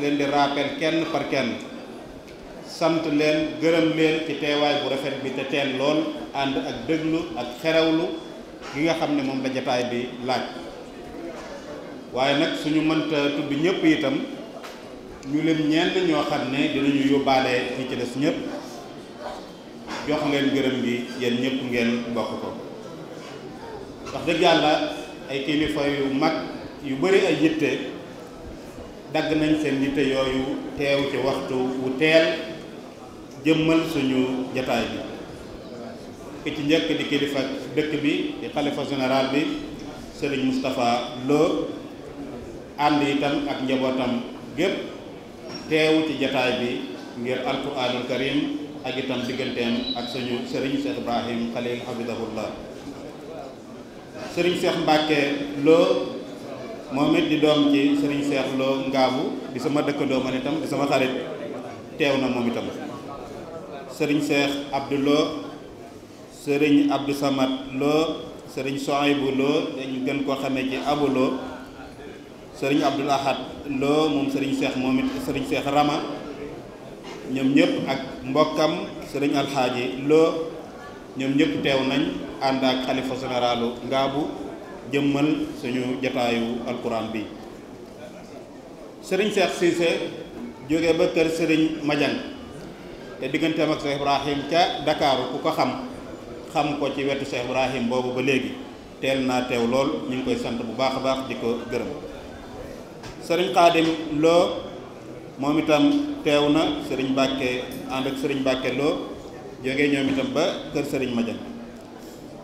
leen di rappel kenn par kenn sant leen gërëm leen ci teewaay bu rafet bi te teel lool ànd ak dëglu ak xerewlu gi nga xam ne moom la jataay bi laaj waaye nag suñu mënta tudd ñëpp itam ñu leen ñenn ñoo xam ni dinañu yóbbaale ñi ci des ñëpp jox ngeen gërëm gi yéen ñëpp ngeen bokk ko wax dëgg yàlla ay kilifa yu mag yu bari ay yitte dagg nañ seen yitte yooyu teew ci waxtu wu teel jëmmal suñu jataay bi ki ci njëkk di kilifa dëkk bi di xalifa général bi Serigne Moustapha Lo ànd itam ak njabootam gépp teew ci jataay bi ngir alquranul karim ak itam digganteem ak suñu Serigne Cheikh Ibrahim Khalil hafidahullah Serigne Cheikh Mbacke Lo moom it di doom ci sëriñ Cheikh Lo Ngaabu di sama dëkkandoo man itam di sama xarit teew na moom itam sëriñ Cheikh Abdou Lo sëriñ Abdou Samad Lo sëriñ Soaybu Lo dañu gën koo xamee ci Abu Lo sëriñ Abdul Ahad Lo moom sëriñ Cheikh moom it sëriñ Cheikh Rama ñoom ñëpp ak mbokkam sëriñ Alxaaji Lo ñoom ñëpp teew nañ ànd ak xalifa généralu Ngaabu jëmmal suñu jataayu alquran bi sëriñ Cheikh Cissé jóge ba kër sëriñ Madiang te digganteem ak Cheikh Ibrahim ca Dakaaru ku ko xam xam ko ci wetu Cheikh Ibrahim boobu ba léegi teel naa teew lool ñu ngi koy sant bu baax a baax di ko gërëm sëriñ Xaadim Loo moom itam teew na sëriñ Mbàkke ànd ak sëriñ Mbàkke Loo jóge ñoom itam ba kër sëriñ Madiang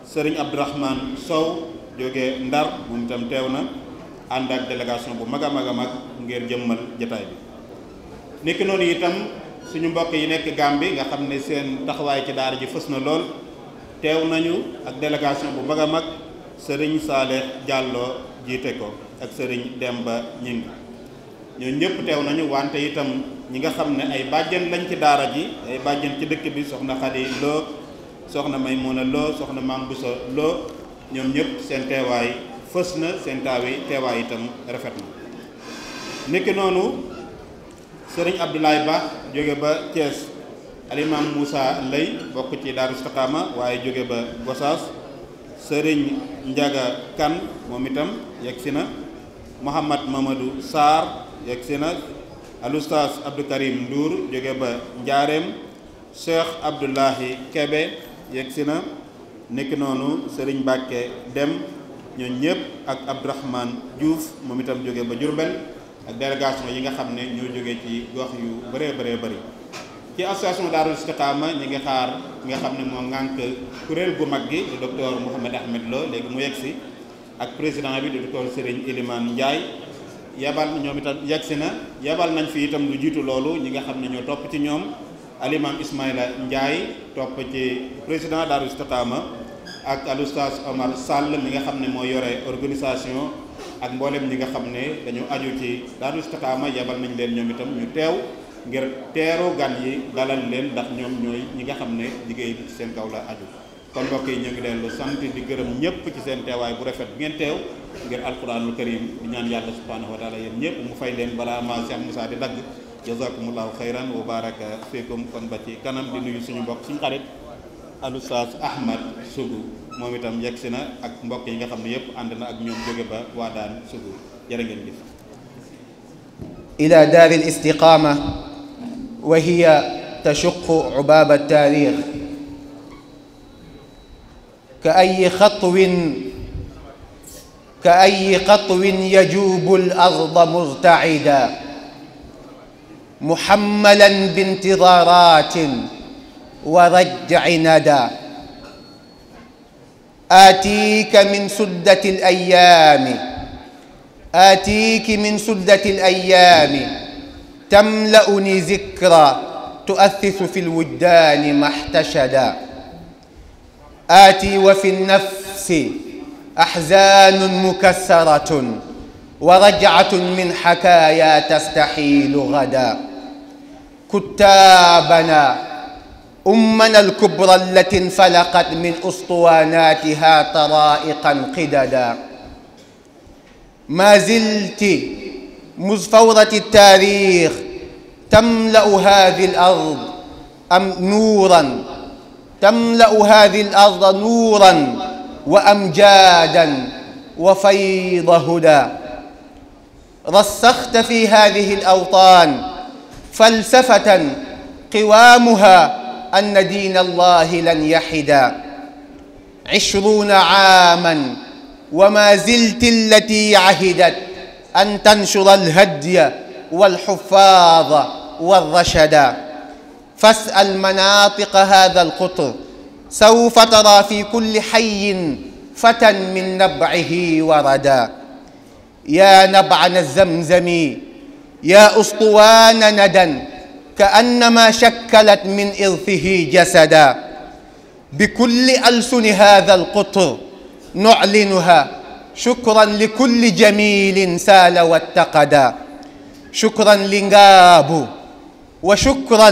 sëriñ Abdourahman Sow jógee ndar moom itam teew na ànd ak délégation bu mag a mag a mag ngir jëmmal jataay bi nekk noonu itam suñu mbokk yi nekk bi nga xam ne seen taxawaay ci daara ji fës na lool teew nañu ak délégation bu mag a mag sëriñ Saaleh jàlloo jiite ko ak sëriñ Demba Ñing ñoo ñëpp teew nañu wante itam ñi nga xam ne ay bàjjen lañ ci daara ji ay bàjjen ci dëkk bi soxna Xadi Lo soxna Maymuna Lo soxna Mambousa Lo ñoom ñëpp seen teewaay fës na seen taawi teewaay itam rafet na nekki noonu sëriñ Abdoulaye Ba jóge ba Thiès alimam musa Lay bokk ci Daaru Istiqaama waaye jóge ba Gosaas sëriñ njaga Kan moom itam yegg si na Mouhamad Mamadou Sarr yegg si na Aloustas Abdou Karim Ndour jóge ba Njaareem Cheikh Abdoulahi Kebe yegg na nekk noonu seriñ Mbacke dem ñoo ñëpp ak Abdourahmane Diouf moom itam jóge ba Diourbel ak délégation yi nga xam ne ñoo jóge ci gox yu bëree bare bari ci association Daarul Istiqaama ñi ngi xaar nga xam ne moo ŋànk kuréel gu mag gi di docteur Mouhamed Ahmed loo léegi mu yegsi ak président bi di docteur Serigne Elimane Ndiaye yabal ñoom itam yegsi na yabal nañ fi itam lu jiitu loolu ñi nga xam ne ñoo topp ci ñoom alimam Ismaïla Ndiaye topp ci président daaru istiqaama ak al oustaz Omar Sall mi nga xam ne moo yore organisation ak mboolem ñi nga xam ne dañu aju ci daaru istiqaama yabal nañ leen ñoom itam ñu teew ngir teeru gan yi dalal leen ndax ñoom ñooy ñi nga xam ne liggéey bi ci seen kaw la aju kon mbokk yi ñu ngi dellu sant di gërëm ñëpp ci seen teewaay bu rafet bi ngeen teew ngir alquranul karim di ñaan yàlla subhanahu wa taala yéen ñëpp mu fay leen balaa ma Cheikh Moussa di dagg jazakumullahu xayran wa baraka fiikum kon ba ci kanam di nuyu suñu mbokk suñu xarit alustaas ahmad sugu moom itam yegg si na ak mbokk yi nga xam ne yëpp ànd na ak ñoom jóge ba waa daan sugu jërë ngeen jëf ila daari alistiqaama wa hiya tashuqu ubaaba altaarix ka ay xatwin ka ay xatwin yajuubu al arda murtaida محملا بانتظارات ورجع ندى آتيك من سدة الأيام آتيك من سدة الأيام تملأني ذكرى تؤثث في الوجدان ما احتشدا آتي وفي النفس أحزان مكسرة ورجعة من حكايا تستحيل غدا كتابنا أمنا الكبرى التي انفلقت من أسطواناتها طرائقا قددا ما زلت مذ فورة التاريخ تملأ هذه الأرض أم نورا تملأ هذه الأرض نورا وأمجادا وفيض هدى رسخت في هذه الأوطان فلسفة قوامها أن دين الله لن يحدا عشرون عاما وما زلت التي عهدت أن تنشر الهدي والحفاظ والرشدا فاسأل مناطق هذا القطر سوف ترى في كل حي فتى من نبعه وردا يا نبعنا الزمزمي يا أسطوان ندى كأنما شكلت من إرثه جسدا بكل ألسن هذا القطر نعلنها شكرا لكل جميل سال واتقدا شكرا لنقاب وشكرا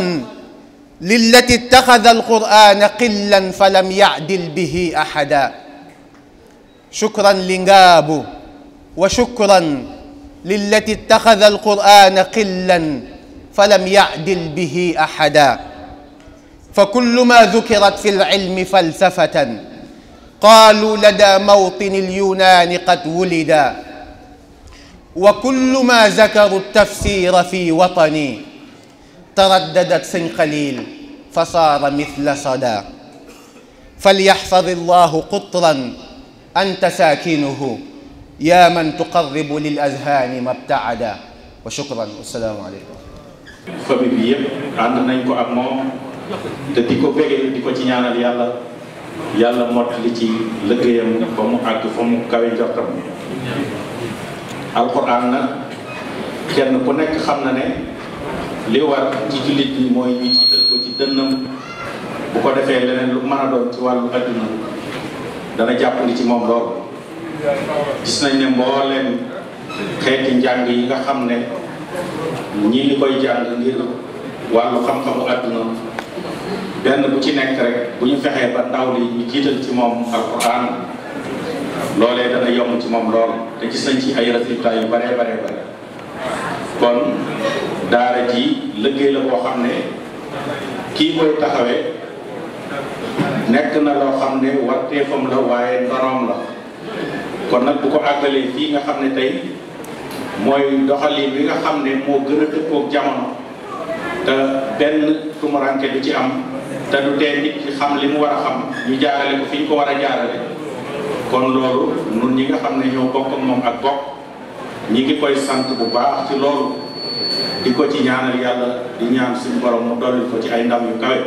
للتي اتخذ القرآن قلا فلم يعدل به أحدا شكرا لنقاب وشكرا lillati ittaxada alqur'ana qillan falam yacdil bihi axada fa kullu ma dukirat fi lcilmi falsafatan qaalu lada mawtini lyunaani qad wulida wa kullu ma zakaru tafsira fi watani taraddadat sëñ xalil fa saara mithla sada falyaxfad allahu qutran anta saakinuhu yaa man tuqarribu lil azhaani mabtaada wa shukran wassalaamu aleykum famille bi yëpp ànd nañ ko ak moom te di ko bégee di ko ci ñaanal yàlla yàlla mott li ci liggéeyam ba mu àgg fa mu kawe njortam alquran nag kenn ku nekk xam na ne li war ci jullit mooy ñu ko ci dënnam bu ko defee leneen lu mën doon ci wàllu adduna dana jàppandi ci moom loolu gis nañ ne mbooleem xeeti njàng yi nga xam ne ñii ñu koy jàng ngir wàllu xam-xamu benn bu ci nekk rek bu ñu fexee ba ndaw li ñu jiital ci moom alquran loolee dana yomb ci moom lool te gis nañ ci ay résultats yu baree baree bare kon daara ji liggéey la boo xam ne kii koy taxawee nekk na loo xam ne warteefam la waaye ndoroom la kon nag bu ko àggalee fii nga xam ne tey mooy doxalin bi nga xam ne moo gën a dëppoog te benn tumuranke du ci am te du tee nit ki xam li mu war a xam ñu jaarale ko fi ñu ko war a jaarale kon loolu nun ñi nga xam ne ñoo bokk moom ak bokk ñi ngi koy sant bu baax ci loolu di ko ci ñaanal yàlla di ñaan suñu mu dolli ko ci ay ndam yu kawe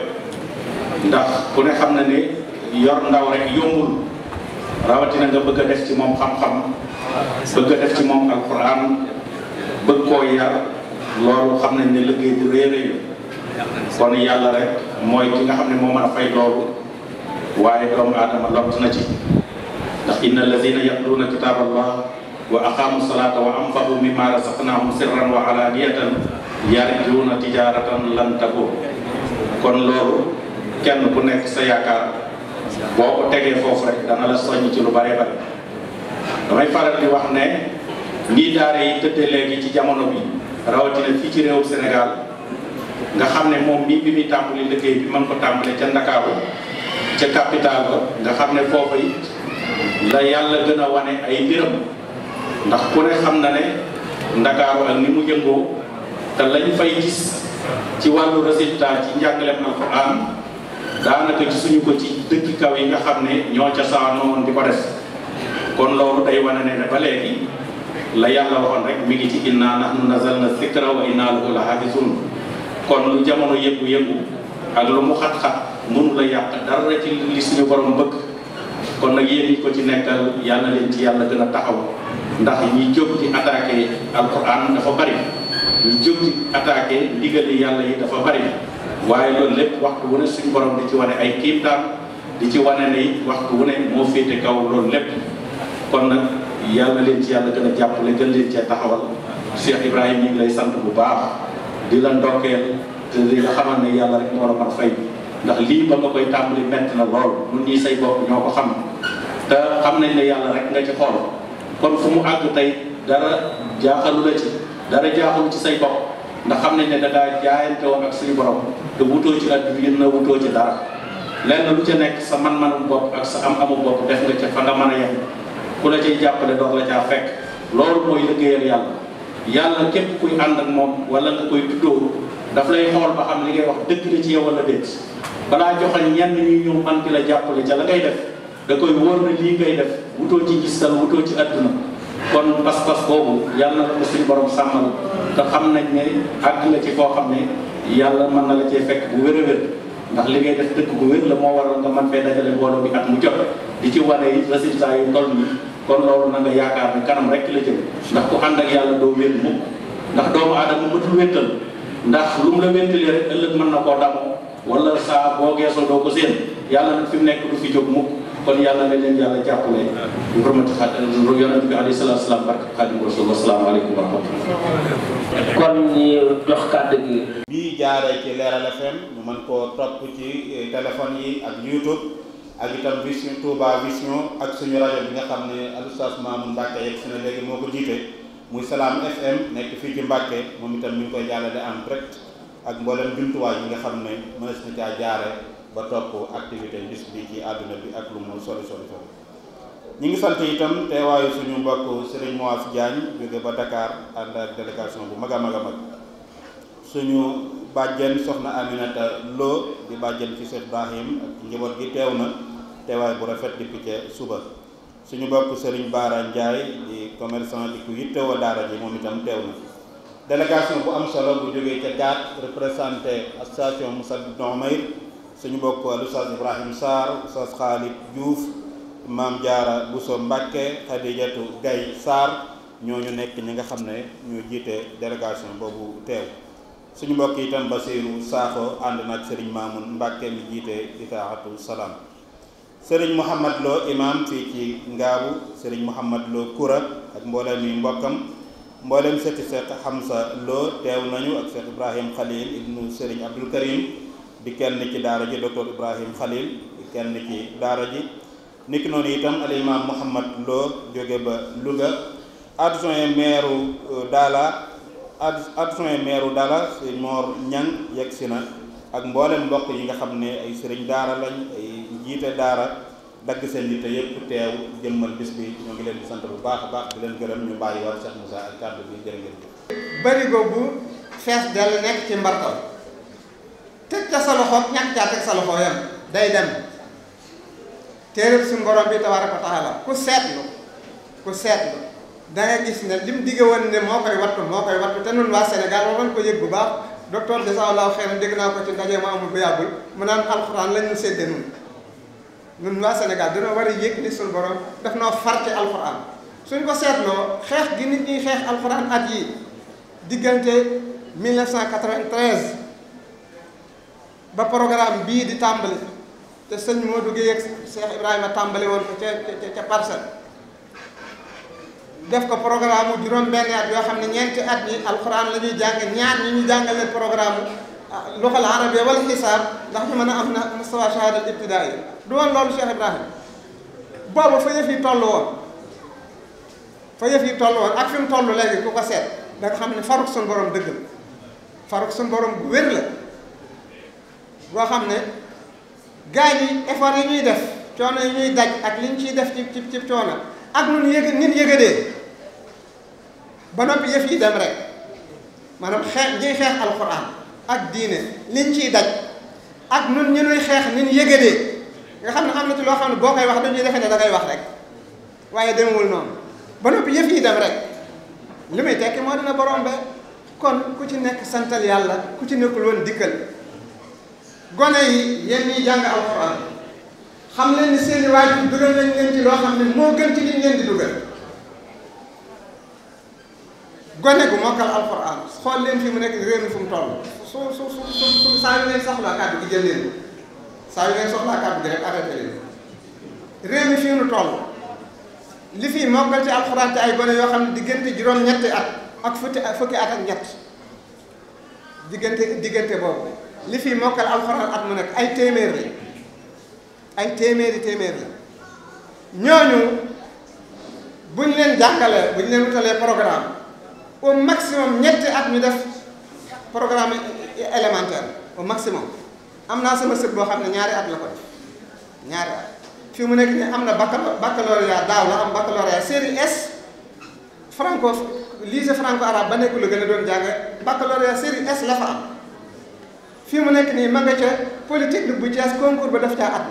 ndax ku ne xam na ne yor ndaw rek yombul rawatina nga bëgg a def ci moom xam-xam bëgg a def ci moom alquran bëgg koo yar xam nañ ne liggéey bu réeréyu kon yàlla rek mooy ki nga xam ne moo mën a fay loolu waaye doomu aadama lott na ci ndax inna alladina yatluuna kitaaba allah wa aqaamu salaata wa anfaqu mimma razaqnahum sirran wa alaaniyatan yarjuuna tijaaratan lan tabuur kon loolu kenn ku nekk sa yaakaar boo ko tegee foofu rek dana la soññ ci lu bare bare damay faral di wax ne nii daara yi tëddee léegi ci jamono bi rawatina fii ci réewu senegal nga xam ne moom mii bi muy tàmbali liggéey bi mën ko tàmbale ca Ndakaaru ca capital ba nga xam ne foofu yi la yàlla gën a wane ay mbiram ndax ku ne xam na ne Ndakaaru ak ni mu yëngoo te lañu fay gis ci wàllu résultat ci njàngaleem alxuraan daanaka gisuñu ko ci dëkk kaw yi nga xam ne ñoo ca saanoon di ko def kon loolu day wane ne ne ba léegi la yàlla waxoon rek mi ngi ci inna nahnu nazalna zikra wa inna kon jamono yëngu-yëngu lu mu xat-xat mënu la yàq dara ci suñu borom bëgg kon nag yéen ñi ko ci nekkal yàlla leen ci yàlla gën a taxaw ndax ñu jóg ci attaqué alquran dafa bari ñu jóg ci attaqué ndigali yàlla yi dafa bari waaye loolu lépp waxtu wu ne suñu borom di ci wane ay kiimtaan di ci wane ni waxtu wu ne moo féete kaw loolu lépp kon nag yàlla leen ci yàlla gën a jàppale gën leen cee taxawal Cheikh Ibrahima ñu ngi lay sant bu baax di la ndokkeel te di la xamal ne ndax lii ba nga tàmbali metti na lool nun say bopp ñoo ko xam te xam nañ ne yàlla rek nga ci xool kon fu mu àgg tey dara jaaxalu la ci dara jaaxalu ci say bopp ndax xam nañ ne dangaa jaayante woon ak suñu borom te wutoo ci àddina wutoo ci dara lenn lu ca nekk sa man-manu bopp ak sa am-amu bopp def nga ca fa nga mën a yem ku la cay jàppale doog la caa fekk loolu mooy liggéeyal yàlla yàlla képp kuy ànd ak moom wala nga koy tuddoo daf lay xool ba xam li ngay wax dëgg la ci yow wala déet balaa joxal ñenn ñuy ñëw man di la jàppale ca la def da koy wóor na lii ngay def wutoo ci gis tal wutoo ci àdduna kon pas-pas kooku yàlla na ko suñu borom sàmmal te xam nañ ne àgg la ci koo xam ne yàlla mën na la cee fekk bu wér a wér ndax li ngay def dëkk bu wér la moo waral nga man fee dajale mbooloo bi at mu jot di ci wane yi résultat yu toll nii kon loolu na nga yaakaar ne kanam rek la jëm ndax ku ànd ak yàlla doo wér mukk ndax doomu aadama mëtul wéttal ndax lu mu la wéttali rek ëllëg mën na koo damoo wala saa boo geesoo doo ko séen yàlla nag fi mu nekk du fi kon yàlla na leen yàlla jàppale bu hurmati xaadimu yonent bi alayhi salaatu jox kàddu gi bii ci Leeral FM ñu mën koo topp ci eh, téléphone yi ak YouTube ak itam Vision Touba ak suñu rajo bi nga xam ne Oustaz Mamoun Mbacke yegg si na léegi moo ko jiite muy Salaam FM nekk fii ci Mbacke moom itam ñu ngi koy jàllale en direct ak mboolem jumtuwaay yi nga xam ne mënees na caa jaare ba topp activité bis ci àdduna bi ak lu mu soli soli foofu ñi ngi sant itam teewaayu suñu mbokk Serigne Moise Diagne jóge ba Dakar ànd ak délégation bu mag a mag a mag suñu bàjjen soxna Aminata Lo di bàjjen ci Cheikh Ibrahim ak njaboot gi teew na teewaay bu rafet depuis ca suba suñu mbokk Serigne Baara Ndiaye di commerçant di ku yittewoo daara ji moom itam teew na délégation bu am solo bu jógee ca gaat représenté association Moussa Diomaye suñu mbokk al ustaas Ibrahim Sarr ustaas Khalid Diouf maam Jaara Bousso Mbacke Khadijatu Gaye ñoo ñooñu nekk ñi nga xam ne ñu jiite délégation boobu teew suñu mbokk itam Basiiru Saaxo ànd nag Serigne Mamoun Mbacke mi jiite Itaatu Salaam Serigne Mouhamad Lo imam fii ci Ngaabu Serigne Mouhamad Lo Koura ak mboolem yi mbokkam mboolem seeti Seex Hamza Lo teew nañu ak Seex Ibrahim Khalil ibnu Serigne Abdul Karim di kenn ci daara ji docteur Ibrahim Khalil di kenn ci daara ji niki noonu itam alimaam Mouhamad Lo jóge ba Louga adjoint maire euh, Dala adjoint maire Dala si Mor Ñang yegg si na ak mboolem mbokk yi nga xam ne ay sëriñ daara lañ ay njiite daara dagg seen nit yëpp teew jëmmal bis bi ñoo ngi leen di sant bu baax a baax di leen gërëm ñu bàyyi war Cheikh musa ak kàddu bi jërë ngeen barigo bu fees dal nekk ci mbartal teg ca sa loxo ñàkk caa teg sa loxo yam day dem téereb suñu borom bi tabaaraka wa taala ku seetlu ku seetlu da nga gis ne lim digge woon ne moo koy wattu moo koy wattu te nun waa Sénégal waroon ko yëg bu baax docteur jazaallaahu xeyran dégg naa ko ci ndaje ma amul bu yàggul mu naan alxuraan lañ ñu séddee nun nun waa Sénégal dina war a yëg ni suñu borom daf noo far ci alxuraan suñ ko seetloo xeex gi nit ñuy xeex alxuraan at yi diggante 1993 ba programme bii di tàmbali te sëñ Modou Guèye ak Cheikh Ibrahima tàmbali woon ko ca ca ca parcelle def ko programme mu juróom-benn at yoo xam ne ñeenti at yi alxuraan la ñuy jàng ñaar ñi ñu jàngale programme mu luxal arabe wala xisaab ndax ñu mën a am na mustawa shahada ibtidaa yi du woon loolu Cheikh Ibrahima boobu fa yëf yi toll woon fa yëf yi toll woon ak fi mu toll léegi ku ko seet da xam ne faruk suñu borom dëgg la faruk suñu borom bu boo xam ne gaa yi effort yi ñuy def coono yi ñuy daj ak liñ ciy def ci ci ci coono ak nun yëg nit yëgadee ba noppi yëf yi dem rek maanaam xeex ñuy xeex alxuraan ak diine liñ ciy daj ak nun ñu nuy xeex nit yëgadee nga xam ne am na ci loo xam ne boo koy wax dañuy defe ne da ngay wax rek waaye demewul noonu ba noppi yëf yi dem rek li muy tekki moo dina borom ba kon ku ci nekk santal yàlla ku ci nekkul woon dikkal gone yi yéen ñiy jàng alxuraan xam leen ni seeni waajur dugal nañ leen ci loo xam ne moo gën ci liñ leen di dugal gone gu mokkal alxuraan xool leen fi mu nekk réew mi fu mu toll su su su su saa yu leen soxlaa kàddu gi jël leen saa yu leen soxlaa kàddu gi rek arrêté leen réew mi fii nu toll li fii mokkal ci alxuraan te ay gone yoo xam ne diggante juróom-ñetti at ak fukki fukki at ak ñett diggante diggante boobu. li fi mokkal alxuraan at mu nekk ay téeméer la ay téeméeri téeméer la bu ñu leen jàngalee buñ leen wutalee programme au maximum ñetti at ñu def programme élémentaire au maximum am naa sama sëb boo xam ne ñaari at la ko def ñaari at fii mu nekk nii am na baccalauréat daaw la am baccalauréat série S franco lycée franco arabe ba nekk lu gën a doon jàng baccalauréat série S la fa am fii mu nekk nii ma nga ca bu Thiès concours ba daf caa at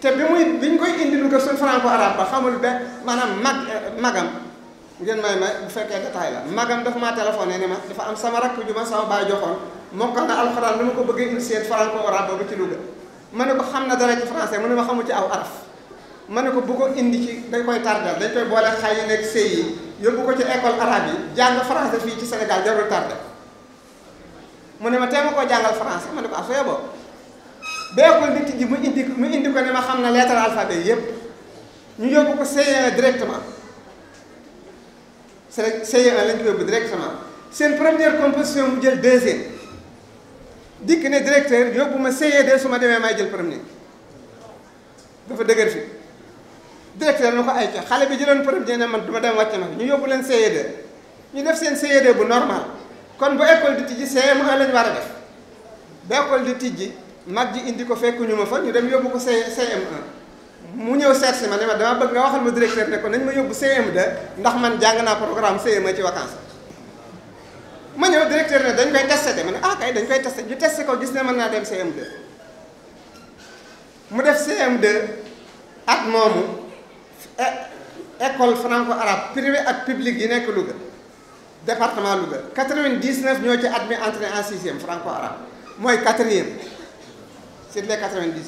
te bi muy bi ñu koy indi lu ko suñ franco arabe ba xamul be maanaam mag eh, magam ngeen may may bu fekkee détail la magam dafa maa téléphoné ni ma dafa am sama rakk ju ma sama baay joxoon mokkal na alxuraan lu ma ko bëggee indi seen franco arabe ba ci Louga ma ne ko xam na dara ci français mu ne ma xamul ci aw araf ma ne ko bu ko indi ci dañ koy tardal dañ koy boole xay yi nekk sëy yi yóbbu ko ci école arabe yi jàng français fii ci Sénégal jarul tardal mu ne ma tee ma jàngal français ma ne ko ah soo yeboo beekul nit ji mu indi mu xam na lettre alphabet yëpp ñu yóbbu ko ce directement ce e lañ ko seen première composition mu jël deuxième dikk ne directeur yóbbu ma ce su ma demee may jël premier dafa dëgër fi directeur na ko ay ca xale bi jëloon premier ne man du ma dem wàcc na ñu yóbbu leen CE2 ñu def seen CE2 bu normal kon bu école di tijji CM1 lañu war a def bu école di tijji mag ji indi ko fekkuñu ma fa ñu dem yóbbu ko CM1 mu ñëw seet si ma ne ma dama bëgg nga waxal ma directeur ne ko nañ ma yóbbu CM2 ndax man jàng naa programme CM1 ci vacances ma ñëw directeur ne dañ koy testé de ma ne ah kay dañ koy testé ñu testé ko gis ne mën naa dem CM2 mu def CM2 at moomu école franco arabe privé ak publique yi nekk Louga lu département Louga 99 ñoo ci admis entré en sixième franco-arabe mooy quatrième sur les 99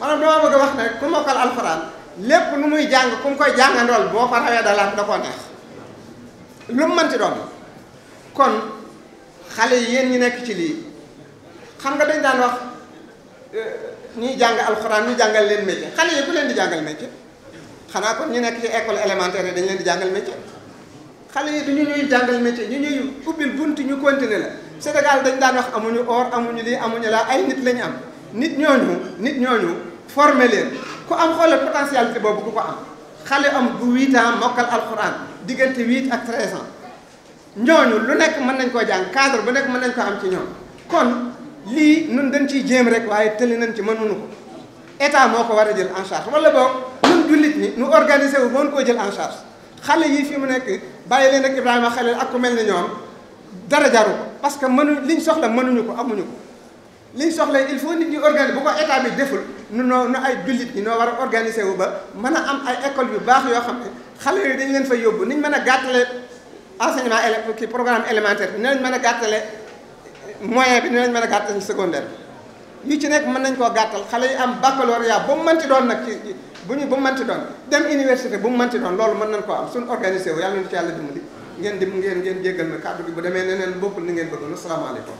maanaam dama bëgg a wax ne ku mokkal alxuraan lépp lu muy jàng ku mu koy jàngandool boo ko rawee dalaat da koo neex lu mu mënti doon kon xale yi yéen ñi nekk ci lii xam nga dañ daan wax euh, ñuy jàng alxuraan ñu jàngal leen métier xale yi ku leen di jàngal métier xanaa kon ñu nekk ci école élémentaire yi dañ leen di jàngal métier. xale yi du ñu ñuy jàngal métier ñu ñuy ubbil bunt ñu continuer la Sénégal dañ daan wax amuñu or amuñu lii amuñu laa ay nit lañu am nit ñooñu nit ñooñu former leen ku am xoolal potentialité boobu ku ko am xale am bu 8 ans mokkal alxuraan diggante 8 ak 13 ans lu nekk mën nañ koo jàng cadre bu nekk mën nañ ko am ci ñoom kon lii nun dañ ciy jéem rek waaye tëli nañ ci mënuñu ko état moo ko war a jël en charge wala boog ñun jullit ñi nu organiser wu woon koo jël en xale yii fi mu nekk bàyyi leen ak Ibrahima Khalil ak ku mel ne ñoom dara jaru ko parce que mënu liñ soxla mënuñu ko amuñu ko liñ soxla il faut nit ñi organiser bu ko état bi deful nu noo nu ay jullit yi noo war a organiser wu ba mën a am ay école yu baax yoo xam ne xale yooyu dañ leen fa yóbbu ñu mën a gàttale enseignement élé kii programme élémentaire bi ne lañ mën a gàttale moyen bi ne lañ mën a gàttale secondaire bi ci nekk mën nañ koo gàttal xale yi am baccalauréat ba mu mënti doon nag bu ñu bu mu mënti doon dem université bu mu mënti doon loolu mën nañ koo am suñu organisé wu yàlla na ci yàlla dimbali ngeen di ngeen ngeen jéggal na kàddu gi bu demee neneen bokkul ni ngeen bëggoon asalaamaaleykum.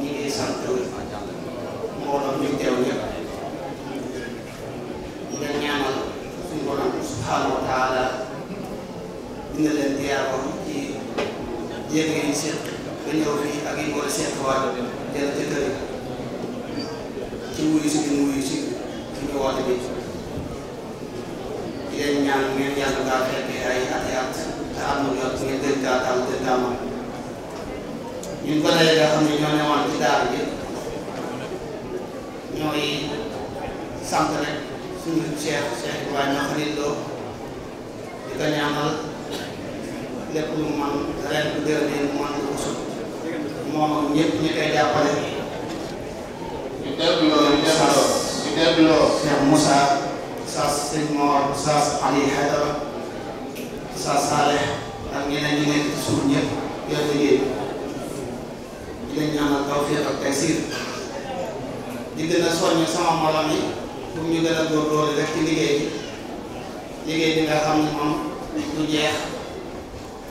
ñu ngi sant mbooloo ñu teew ñëpp ñu ngi ñaanal suñu borom subhaanahu wa taala dina leen teewoo ci jéeg yi ñu seet ba ñëw fii ak yi boole seet waa jël ci kër ci wuyu si di wuyu si ci ñu woote bi di leen ñaan ngeen yàlla ngaa fekkee ay at i at te am na jot ngeen gën kaa taal gën kaa mën ñun ko lay nga xam ne ñoo newoon ci daara bi ñooy sant rek suñu Cheikh Cheikh Ibrahima Khalil Lo di ko ñaanal lépp lu mu mën ren bu déwénee mu mën ko moom ak ñëpp ñu koy jàppale ñu déglu Sass ñu delloo Cheikh Moussa Sass Sëñ Mor Sass Ali Hadara Sass Saleh ak ñeneen ñi nekk ci ñëpp yor liggéey di leen ñaanal tawfiq ak taysir di gën a soññ sama morom yi pour ñu gën a góorgóorlu rek ci liggéey liggéey bi nga xam ne moom du jeex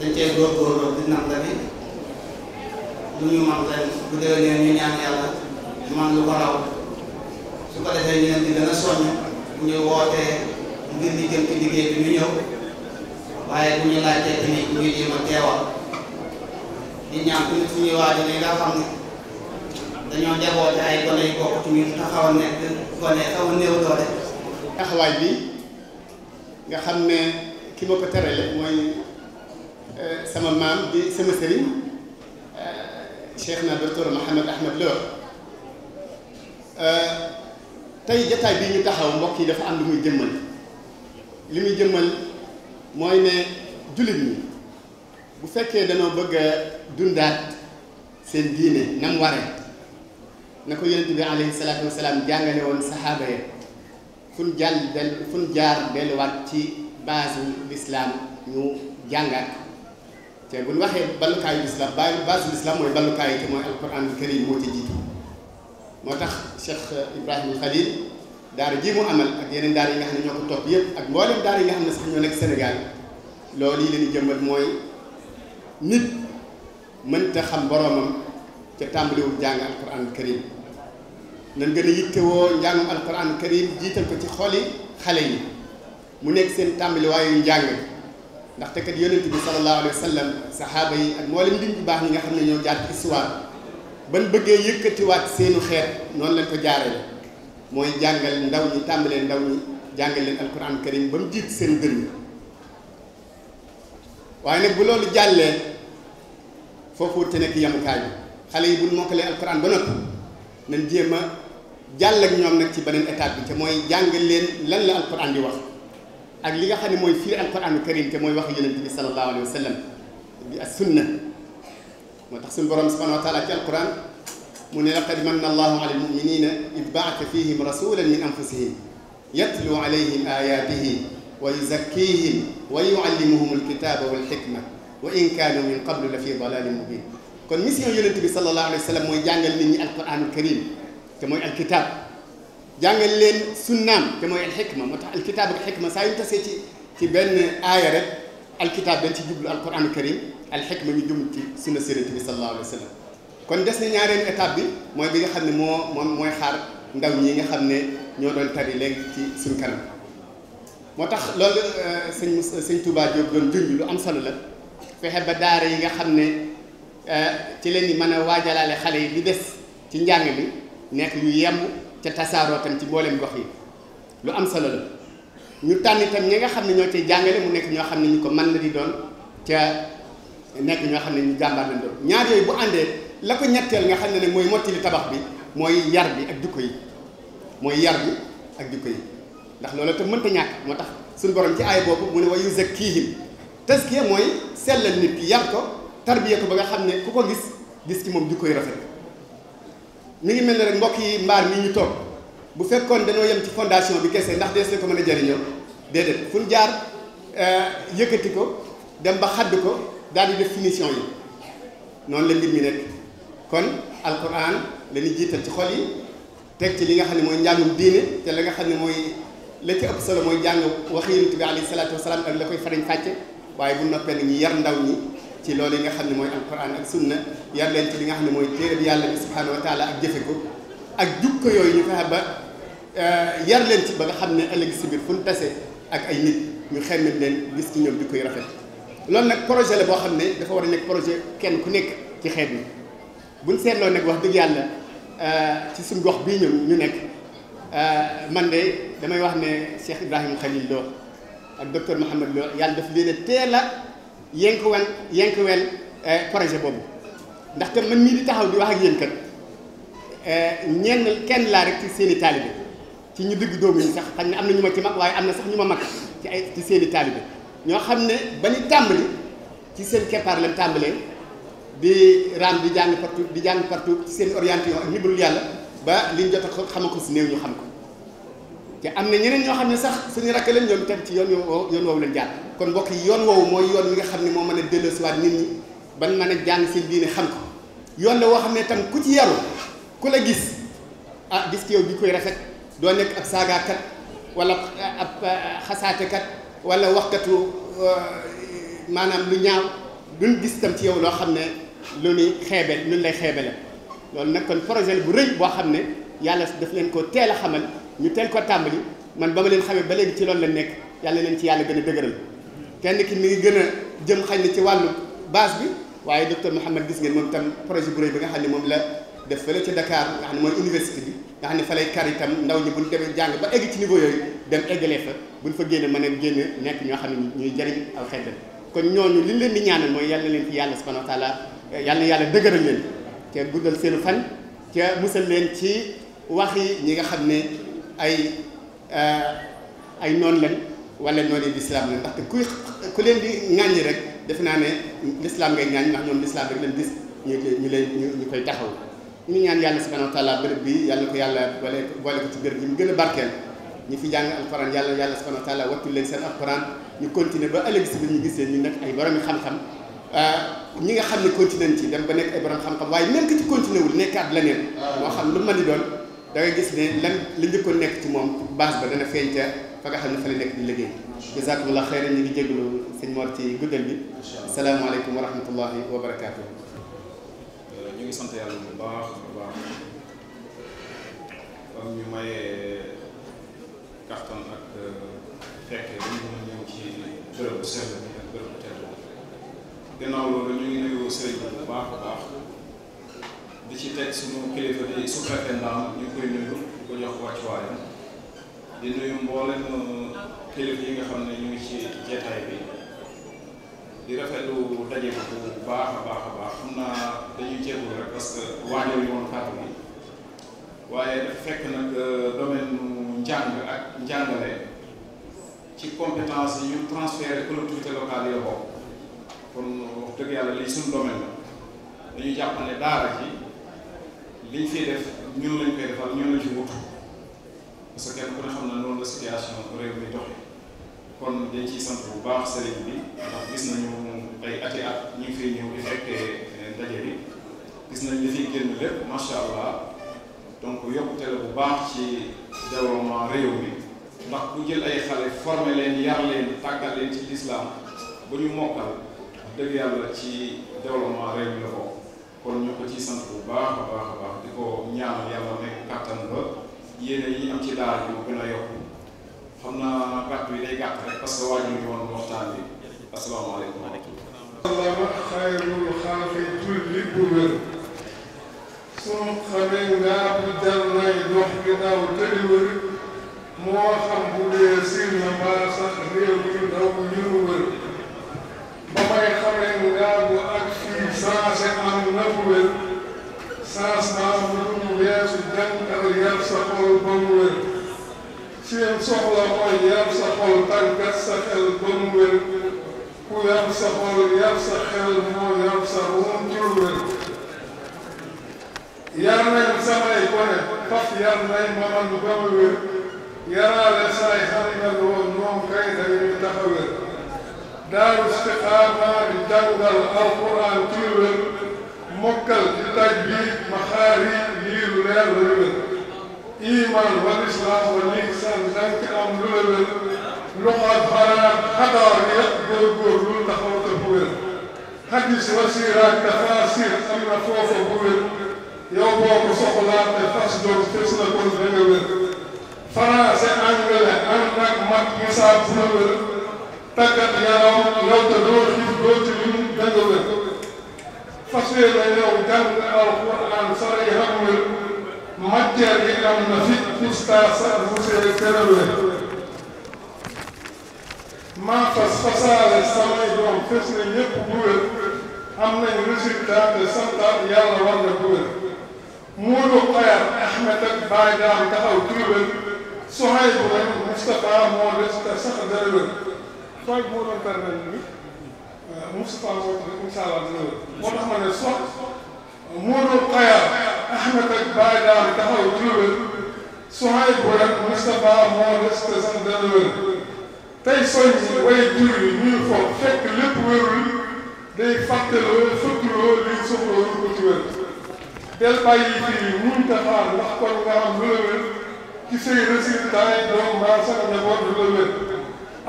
dañ cee góorgóorlu di naan tamit lu ñu mën leen bu déwénee ñu ñaan yàlla man lu ko raw su ko defee ñu leen di gën a soññ bu ñu wootee ngir di jëm ci liggéey bi ñu ñëw waaye bu ñu laajtee tamit ñu jéem a teewal di ñaan tamit yi nga xam ne dañoo jaboote ay gone yu bokk ci ñun taxaw a nekk gone xaw a néew doole. taxawaay bi nga xam ne ki mooy eh, sama maam di sama sëriñ eh, Cheikh na docteur Mouhamed Ahmed Lo. Eh, tey jataay bii ñu taxaw mbokk yi dafa am lu muy jëmmal li muy jëmmal mooy ne jullit ñi bu fekkee danoo bëgg a dundaat seen diine nam ware na ko yonent bi alayhi salaatu wasalaam jàngale woon saxaaba ya fun jàll del fun jaar delluwaat ci base lislaam ñu jàngaat te bu ñu waxee ballukaayu lislaam base lislaam mooy ballukaayu te mooy alquranul karim moo ci jiitu moo tax Cheikh Ibrahima Khalil daara ji mu amal ak yeneen daara yi nga xam ne ñoo ko topp yëpp ak mboolem daara yi nga xam ne sax ñoo nekk Sénégal loolu yi leen jëmbal mooy nit mënta xam boroomam ca tàmbaliwul jàng alquran karim nan gën a yittewoo njàngum alquran karim jiital ko ci xoli xale yi mu nekk seen tàmbaliwaayu njàng ndaxte kat yonent bi sallallahu alayhi wa sallam saxaaba yi ak mboolem lim bu baax ñi nga xam ne ñoo jaar ci ban bëggee yëkkatiwaat seenu xeet noonu lañ ko jaarale mooy jàngal ndaw ñi tàmbalee ndaw ñi jàngal leen alquran karim ba mu jiit seen dënn waaye nag bu loolu jàllee foofu te nekk yamukaay bi xale yi buñ mokkalee alquran ba noppi nañ jéem a jàll ak ñoom nag ci beneen étape bi te mooy jàngal leen lan la alquran di wax ak li nga xam ne mooy fii alquran karim te mooy wax yonent bi sallallahu alayhi wa sallam bi as sunna moo tax suñu borom subhanahu wa taala ci alquran mu ne laqad manna allahu ala almuminina id baata fihim rasulan min anfusihim yatlu alayhim ayatihi wa yuzakkihim wa yuallimuhum alkitaba walxikma wa in kaanu min qablu la fi dalalin mubin kon mission yonent bi sallallahu alayhi wa sallam mooy jàngal nit ñi alquranul karim te mooy alkitab jàngal leen sunnaam te mooy alxikma moo tax alkitab ak xikma saa yu tasee ci ci benn aaya rek alkitaab dañ ci jublu alquran karim alxikma ñu jum ci sunna sëriñ bi sallallahu la wa sallam kon des na ñaareelu étape bi mooy bi nga xam ne moo moom mooy xaar ndaw ñi nga xam ne ñoo doon tari léegi ci suñ kanam moo tax loolu euh, sëñ sëñ Touba Diop doon junj lu am solo la fexe ba daara yi nga xam ne euh, ci leen ñi mën a waajalaale xale yi li des ci njàng mi nekk yu yemb ca tasaaroo tam ci mboolem gox yi lu am solo la ñu tànn itam ñi nga xam ne ñoo cay jàngale mu nekk ñoo xam ne ñu ko mën la di doon ca nekk ñoo xam ne ñu jàmbaar lañ doon ñaar yooyu bu àndee la ko ñetteel nga xam ne nag mooy mottali tabax bi mooy yar bi ak jukko yi mooy yar bi ak jukko yi ndax loolu te mënta ñàkk moo tax suñu borom ci aay boobu mu ne kii yuzakkihim taskiya mooy sellal nit ki yar ko tarbiya ko ba nga xam ne ku ko gis gis ci moom jukko yi rafet mu ngi mel ne rek mbokk yi mbaar mi ñu toog bu fekkoon dañoo yem ci fondation bi kese ndax dees na ko mën a jëriñoo déedéet fu ñu jaar euh, yëkkati ko dem ba xadd ko daal di def finition yi noonu la mbir mi nekk kon alquran la ñuy jiital ci xol yi teg ci li nga xam ne mooy njàngum diine te la nga xam ne mooy la ci ëpp solo mooy jàng waxi yonent bi alayhi salaatu wasalaam ak la koy farañ fàcce waaye bu noppee nag ñu yar ndaw ñi ci loolu yi nga xam ne mooy alquran ak sunna yar leen ci li nga xam ne mooy téere bi yàlla bi subhaanahu wa taala ko Euh, yar leen ci ba nga xam ne ëllëg si biir fu ñu tase ak ay nit ñu xemmit leen gis ci ñoom di koy rafet loolu nag projet la boo xam ne dafa war a nekk projet kenn ku nekk ci xeet bi buñ seetloo nag wax dëgg yàlla euh, ci suñ gox bii ñun ñu nekk euh, man de damay wax ne Cheikh Ibrahima Khalil Lo ak docteur Mouhamed Lo yàlla daf leen a teel a yenk wen yenk projet boobu ndaxte man mii di taxaw di wax ak yéen kat ñenn kenn laa rek ci seeni taalibe ci ñu digg doomu ñi sax xam ne am na ñu ma ci mag waaye am na sax ñu ma mag ci ay ci seen i taalibe ñoo xam ne ba ñu tàmbali ci seen keppaar lañ tàmbalee di raam di jàng partout di jàng partout ci seen orientation ak ñibbalul yàlla ba liñ jot a xam ko si néew ñu xam ko te am na ñeneen ñoo xam ne sax suñu rakk leen ñoom tam ci yoon yoon woowu leen jaar kon mbokk yi yoon woow mooy yoon wi nga xam ne moo mën a delloosiwaat nit ñi ban mën a jàng seen diine xam ko yoon la woo xam ne tam ku ci yaru ku la gis ah gis ci rafet doo nekk ab saagaakat wala ab xasaatekat wala waxkatu euh, maanaam lu ñaaw luñ gis tam ci yow loo xam ne lu ñuy xeebel lu ñu lay xeebele loolu nag kon projet bu rëy boo xam ne yàlla daf leen ko teel a xamal ñu teel ko tàmbali man ba ma leen xamee ba léegi ci loolu la nekk yàlla leen ci yàlla gën a dëgëral kenn ki mi ngi gën a jëm xañ na ci wàllu base bi waaye docteur Mouhamed gis ngeen moom tam projet bu rëy bi nga xam ne moom la def fële ci dakaar nga xam ne université bi nga xam ne fa lay kar itam ndaw ñi buñ demee jàng ba egg ci niveau yooyu dem eggalee fa buñ fa génne mën a génn nekk ñoo xam ne ñuy jariñ aw xeet la kon ñooñu liñ leen di ñaanal mooy yàlla leen yàlla subhanahu wa taala yàlla yàlla dëgëral leen ca guddal seenu fan ca musal leen ci wax yi ñi nga xam ne ay eh, ay noon lañ wala noonu lislaam lañ ndaxte ku ku leen di ŋàññi rek defe naa ne lislaam ngay ŋàññ ndax ñoom lislaam rek lañ gis ñu ñu leen ñu koy taxaw ñu ngi ñaan yàlla subhanahu wa taala bërëb bi yàlla ko yàlla boole boole ko ci bërëb yi mu gën a barkeel ñu fi jàng alquran yàlla yàlla subhanahu wa taala seen alquran ñu continuer bi ñu gisee ñu nekk ay borom xam-xam euh, ñi nga xam ne continuer ci dem ba nekk ay borom xam-xam waaye même que ci continuer wul nekkaat leneen moo xam lu mën di doon da gis ne lan la njëkkoon nekk ci moom base ba dana feeñ ca fa nga xam ne fa la nekk di liggéey jazakumullah xeyran ñu ngi jégalu sëñ Mor ci guddal bi asalaamaaleykum wa rahmatullahi wa barakatuh ñu ngi sant yàlla bu baax bu baax kon ñu mayee kàttan ak euh, fekkee dañu mën a ñëw ci bërëb bu sell bi ak bërëb bu tedd gannaaw loolu ñu ngi nuyu sëriñ bi bu baax a baax di ci teg suñu kilifa di sous-préfet ñu koy nuyu di ko jox wàccuwaayam di nuyu mboolem euh, kilifa yi nga xam ne ñu ngi ci jeetaay bi. di rafetlu daje ko bu baax a baax a baax xam naa dañuy jéegul rek parce que waajal woon kàddu bi waaye dafa fekk nag euh, domaine njàng ak njàngale ci compétence yi ñu transféré collectivité locale yi kon wax dëgg yàlla lii suñu domaine la dañuy jàpp ne daara ji liñ fiy def ñun lañ koy defal ñun lañ ci wut parce que kenn ku ne xam na noonu la situation réew mi doxee. kon dañ ciy sant bu baax sëriñ bi ndax gis nañu ay ati at ñu ngi fiy ñëw di fekkee eh, ndaje bi gis nañ li fiy génn lépp macha allah donc yokkute la bu baax ci développement réew mi ndax ku jël ay xale formé leen yar leen tàggat leen ci lislaam ba ñu mokkal dëgg yàlla ci développement réew mi la ko kon ñu ko ci sant bu baax baax baax di ko ñaanal yàlla nekk kattan ba yéene yi am ci daara bi gën a yokku xam naa kàddu yi day gàtt rek parce que waa ñu ngi woon waxtaan bi asalaamaaleykum. allahuma xayrul xalqi julli bu wér. soo xamee ngaa bu jar nay dox daaw tëri wër moo xam bu dee na mbaa sax réew yu ndaw ñu wër. ba may xamee ngaa bu ak fii saase am na bu saas naa bu dul weesu jànkal yar sa xol ba mu wér. ci soxla mooy yar xol tàggat xel ba ku yar xol yar xel moo yar sa ruum jur wér samay gone faf yar nañ ma man ba ma wér yaraale kay dañuy tax a wér daaru istiqaama di jàngal alquran di taj bi maxaari liiru leer la إيمان والإسلام والإحسان دانك أم لولو لغة فرار خطر يقبل قول لخوة بوير حديث وسيرات تفاسير أمنا فوف بوير يوم بسخلات تفسدر تسنى كل بوير فرنسا أنجلا أنك مكيسات بوير تكت يرام لو تدور في الدوت من بوير فصير يوم جنب القرآن صريحا بوير majjere am na fi pusta sarfusee terewle maa fas fasaale samay doom fes na ñëpp bu am nañ résultat te santaat yàlla war na bu wér Moodu Xayar Ahmed ak Baye Daam taxaw Tuubal Soxay bu ren Moustapha moo des te sax dara wér fay moo doon permettre ni euh, Moustapha moo tax incha allah dina wér moo tax ma Modou Khaya Ahmed ak Baye Dame taxaw Diourbel Souhaïbou ak Moustapha moo des te sax dana wér tey soññi way jur yi ñuy foog fekk lépp wérul day fàttaloo fëkkloo liñ soxloo ñu ko ci wér del bàyyi fii muñ taxaar ndax kon nga am lu la wér ci say résultat yi doom mbaa sax njaboot du la wér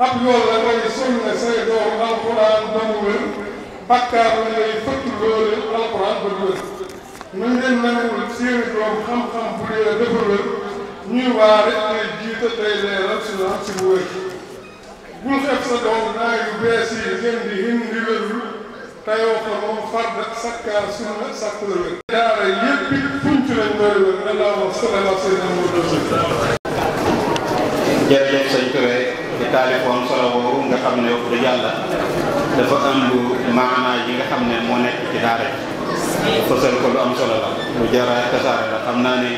ab yoon la ngay soññ say doom alxuraan doomu wér bàkkaar la ngay fëkk loolu alxuraan ba wër ñu leen nanewul seeni doom xam-xam bu dee dafa wër ñuy waare tey jiite tey leeral si naan si bu wër bul xeeb sa doom naa yu bees yi ngeen di hin di wérul tayoo ko moom farda sakkaar sunna sàkk la wër daara yépp it func lañ koy wër allahuma sallallahu sayyidina Muhammad jërëjëf sëñ Touré di taalifoon solo boobu nga xam ne wax dëgg yàlla dafa ëmb maanaa yi nga xam ne moo nekk ci daara ji fësal ko lu am solo la lu jara tasaare la xam naa ni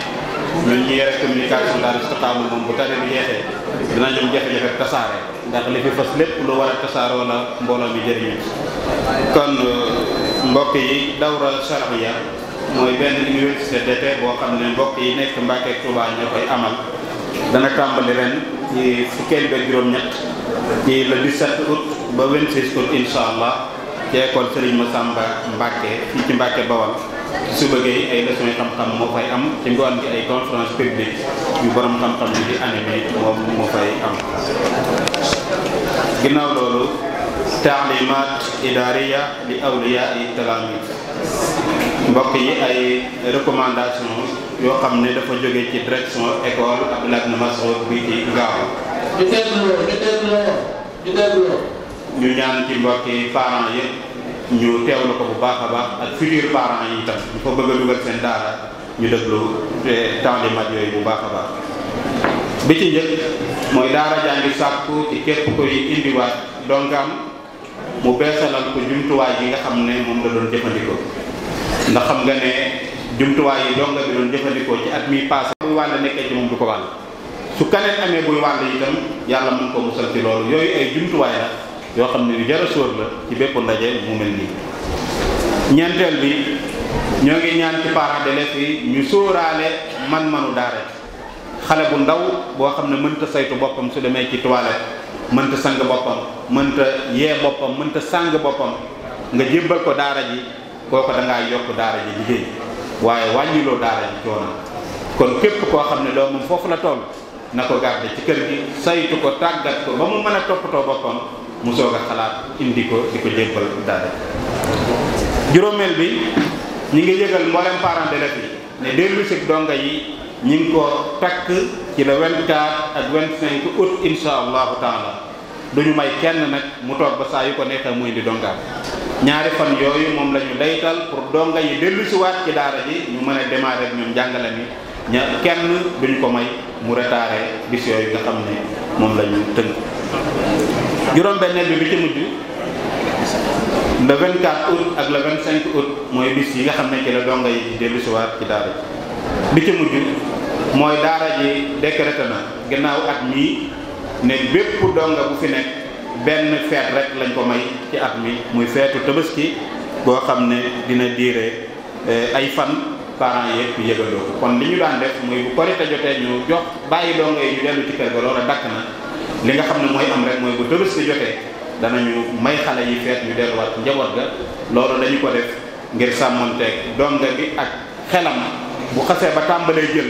ñun ñi yore communication daal istiqaamul moom bu tare bi jeexee dina ñoom jafe-jafe tasaare ndax li fi fas lépp lu war a tasaaroo la mbooloo mi jëriñu kon mbokk yi dawra shar'iyya mooy benn université d'été boo xam ne mbokk yi nekk Mbàkke Tuubaa ñoo koy amal dana tàmbali ren ci fukkeel ba juróom-ñett ci le 17 août ba 26 août incha allah ci école Serigne Massamba Mbacke fii ci Mbacke Bawal su bëggee ay leçon xam-xam moo fay am ci ngoon gi ay conférence publique yu borom xam-xam yi di animé moom moo fay am ginnaaw loolu taalimat idaariya li awliya yi talaamit mbokk yi ay recommandation yoo xam ne dafa jóge ci direction école Abdoulaye Massoud bi ci Ngaaw ñu tegloo ñu tegloo ñaan ci mbokki parents yi ñu teewlu ko bu baax a baax ak futur parents yi tam ñu ko bëgg a dugal seen daara ñu déglu te taalimat yooyu bu baax a baax. bi ci njëkk mooy daara jaa ngi sàkku ci képp koy indiwaat dongam mu beesalal ko jumtuwaay yi nga xam ne moom la doon jëfandikoo ndax xam nga ne jumtuwaay yi donga bi doon jëfandikoo ci at mi passé. muy wàll nekkee ci moom du ko wàll. su kaneen amee buy wàll itam yàlla mën koo musal ci loolu yooyu ay jumtuwaay la yoo xam ne lu jar a sóor la ci bépp ndaje mu mel nii ñeenteel bi ñoo ngi ñaan ci parents d'élèves yi ñu sóoraale man-manu daara xale bu ndaw boo xam ne mënta saytu boppam su demee ci toilette mënta sang boppam mënta yee boppam mënta sang boppam nga jébbal ko daara ji kooko da ngaa yokk daara ji liggéey waaye wàññiloo daara ji coono kon képp koo xam ne doomam foofu la toll na ko garde ci kër gi saytu ko tàggat ko ba mu mën a toppatoo boppam mu soo a xalaat indi ko di ko jébbal daara juróomeel bi ñi ngi yëgal mboolem parents d'élèves yi ne dellu si donga yi ñu ngi ko takk ci le 24 ak 25 août insha allahu taala duñu may kenn nag mu toog ba saa yu ko neexee muy di dongaam ñaari fan yooyu moom lañu ñu laytal pour donga yi dellu si waat ci daara ji ñu mën a démarrer ñoom jàngale mi ña kenn duñu ko may mu retardé bis yooyu nga xam ne moom la ñu tënk juróom-benneel bi bi ci mujj le 24 août ak le 25 août mooy bis yi nga xam ne ci la donga yi dellusiwaat ci daara ji bi ci mujj mooy daara ji décrété na gannaaw at mii ne bépp donga bu fi nekk benn feet rek lañ ko may ci at mi muy feetu tabaski boo xam ne dina diire eh, ay fan parents yëpp yëgandoo ko kon li ñu daan def mooy bu korite jotee ñu jot bàyyi dongo yi ñu dellu ci kër ga dakk na li nga xam ne mooy am rek mooy bu Tabaski jotee danañu may xale yi feet ñu delluwaat njaboot ga loolu dañu ko def ngir sàmmonteeg donga bi ak xelam bu xasee ba tàmbalee jël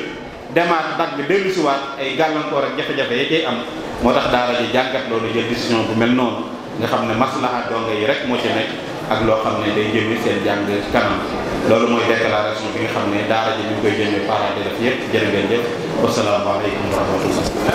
demaat dagg dellu siwaat ay gàllankoor ak jafe-jafe ya cay am moo tax daara rajo jàngat loolu jël décision bu mel noonu nga xam ne maslaha donga yi rek moo ci nekk ak loo xam ne day jëme seen jàng kanam loolu mooy déclaration bi nga xam ne daara ji ñu ngi koy jëmee parents d'élèves yëpp jërë ngeen jëf wasalaamaaleykum wa rahmatullah